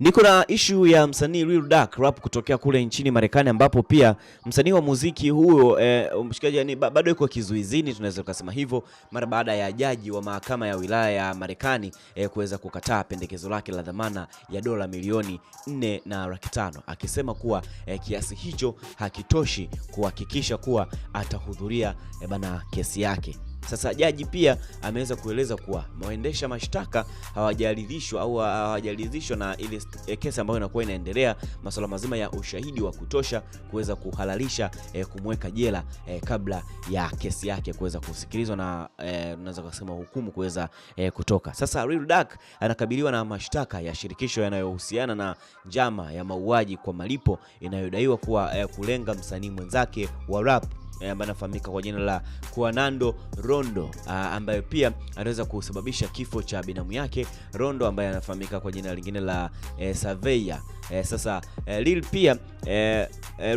Niko na ishu ya msanii Lil Durk Rap kutokea kule nchini Marekani, ambapo pia msanii wa muziki huyo e, mshikaji yani, bado yuko kizuizini, tunaweza tukasema hivyo, mara baada ya jaji wa mahakama ya wilaya ya Marekani e, kuweza kukataa pendekezo lake la dhamana ya dola milioni nne na laki tano akisema kuwa e, kiasi hicho hakitoshi kuhakikisha kuwa atahudhuria e, bana kesi yake. Sasa jaji pia ameweza kueleza kuwa waendesha mashtaka hawajaridhishwa au hawajaridhishwa na ile eh, kesi ambayo inakuwa inaendelea, masuala mazima ya ushahidi wa kutosha kuweza kuhalalisha eh, kumweka jela eh, kabla ya kesi yake kuweza kusikilizwa na eh, unaweza eh, kusema hukumu kuweza eh, kutoka. Sasa Real Dark anakabiliwa na mashtaka ya shirikisho yanayohusiana na njama ya mauaji kwa malipo inayodaiwa kuwa eh, kulenga msanii mwenzake wa rap Eh, ambaye anafahamika kwa jina la Kuanando Rondo ah, ambaye pia anaweza kusababisha kifo cha binamu yake Rondo ambaye anafahamika kwa jina lingine la eh, Saveya eh, sasa eh, Lil pia eh, eh,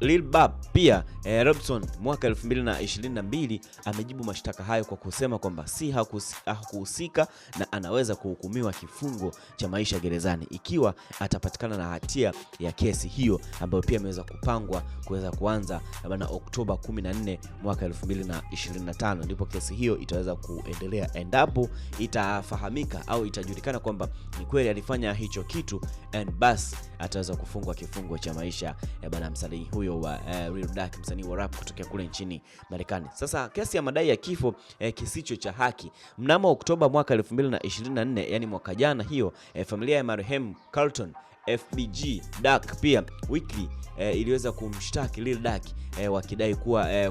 Lil Bab pia eh, Robson mwaka 2022 amejibu mashtaka hayo kwa kusema kwamba si hakuhusika na anaweza kuhukumiwa kifungo cha maisha gerezani ikiwa atapatikana na hatia ya kesi hiyo ambayo pia imeweza kupangwa kuweza kuanza na Oktoba 14 mwaka 2025, ndipo kesi hiyo itaweza kuendelea endapo itafahamika au itajulikana kwamba ni kweli alifanya hicho kitu and bas ataweza kufungwa kifungo cha maisha ya bana msanii huyo wa eh, Real Dark msanii wa rap kutokea kule nchini Marekani. Sasa kesi ya madai ya kifo eh, kisicho cha haki mnamo Oktoba mwaka 2024 yani mwaka jana hiyo eh, familia ya marehemu Carlton FBG Dark pia Weekly e, iliweza kumshtaki Lil Durk e, eh, wakidai kuwa e,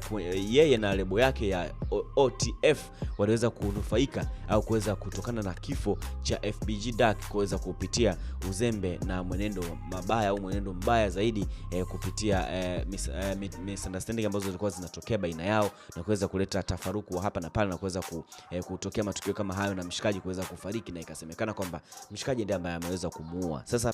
yeye na lebo yake ya OTF waliweza kunufaika au kuweza kutokana na kifo cha FBG Dark kuweza kupitia uzembe na mwenendo mabaya au mwenendo mbaya zaidi e, kupitia e, mis, e, misunderstanding ambazo zilikuwa zinatokea baina yao na kuweza kuleta tafaruku hapa na pale na kuweza kutokea matukio kama hayo na mshikaji kuweza kufariki na ikasemekana kwamba mshikaji ndiye ambaye ameweza kumuua. Sasa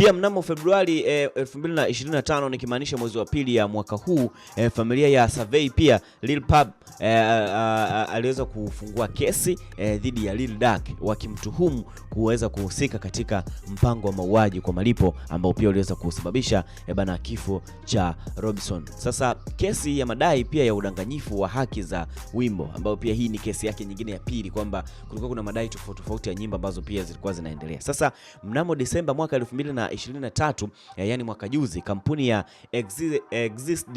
Pia mnamo Februari 2025 eh, nikimaanisha mwezi wa pili ya mwaka huu eh, familia ya Survey pia Lil Pub eh, eh, eh aliweza kufungua kesi eh, dhidi ya Lil Dark wakimtuhumu kuweza kuhusika katika mpango wa mauaji kwa malipo ambao pia uliweza kusababisha eh, bana kifo cha Robinson. Sasa kesi ya madai pia ya udanganyifu wa haki za wimbo ambao pia hii ni kesi yake nyingine ya pili kwamba kulikuwa kuna madai tofauti tofauti ya nyimbo ambazo pia zilikuwa zinaendelea. Sasa mnamo Desemba mwaka 2000 2023 eh, yani mwaka juzi, kampuni ya Exist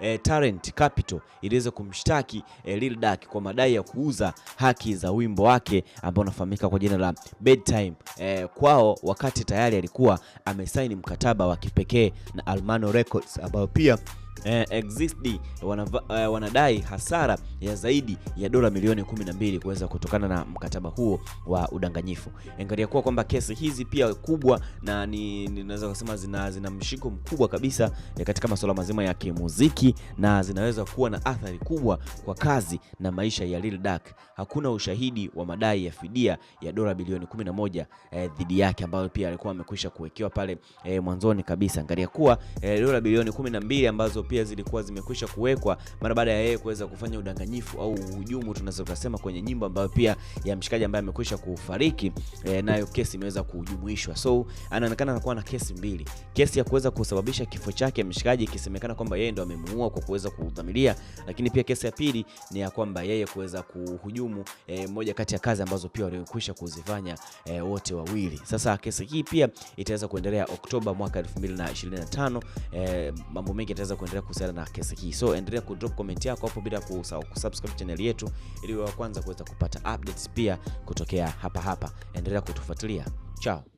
eh, Talent Capital iliweza kumshtaki eh, Lil Durk kwa madai ya kuuza haki za wimbo wake ambao unafahamika kwa jina la Bedtime eh, kwao, wakati tayari alikuwa amesaini mkataba wa kipekee na Almano Records ambayo pia eh, exist wanava, eh, wanadai hasara ya zaidi ya dola milioni 12 kuweza kutokana na mkataba huo wa udanganyifu. Angalia kuwa kwamba kesi hizi pia kubwa na ni naweza kusema zina, zina mshiko mkubwa kabisa eh, katika masuala mazima ya kimuziki na zinaweza kuwa na athari kubwa kwa kazi na maisha ya Lil Durk. Hakuna ushahidi wa madai ya fidia ya dola bilioni 11 eh, dhidi yake ambayo pia alikuwa amekwisha kuwekewa pale eh, mwanzoni kabisa. Angalia kuwa eh, dola bilioni 12 ambazo ambazo pia zilikuwa zimekwisha kuwekwa mara baada ya yeye kuweza kufanya udanganyifu au uhujumu tunaweza tukasema kwenye nyimbo ambayo pia ya mshikaji ambaye amekwisha kufariki e, nayo kesi imeweza kujumuishwa. So anaonekana anakuwa na kesi mbili, kesi ya kuweza kusababisha kifo chake mshikaji ikisemekana kwamba yeye ndo amemuua kwa kuweza kudhamiria, lakini pia kesi ya pili ni ya kwamba yeye kuweza kuhujumu e, moja kati ya kazi ambazo pia walikwisha kuzifanya e, wote wawili. Sasa kesi hii pia itaweza kuendelea Oktoba mwaka 2025 e, mambo mengi yataweza kuendelea kuhusiana na kesi hii. So endelea drop comment yako hapo bila kusahau kusubscribe channel yetu ili wa kwanza kuweza kupata updates pia kutokea hapa hapa. Endelea kutufuatilia. Chao.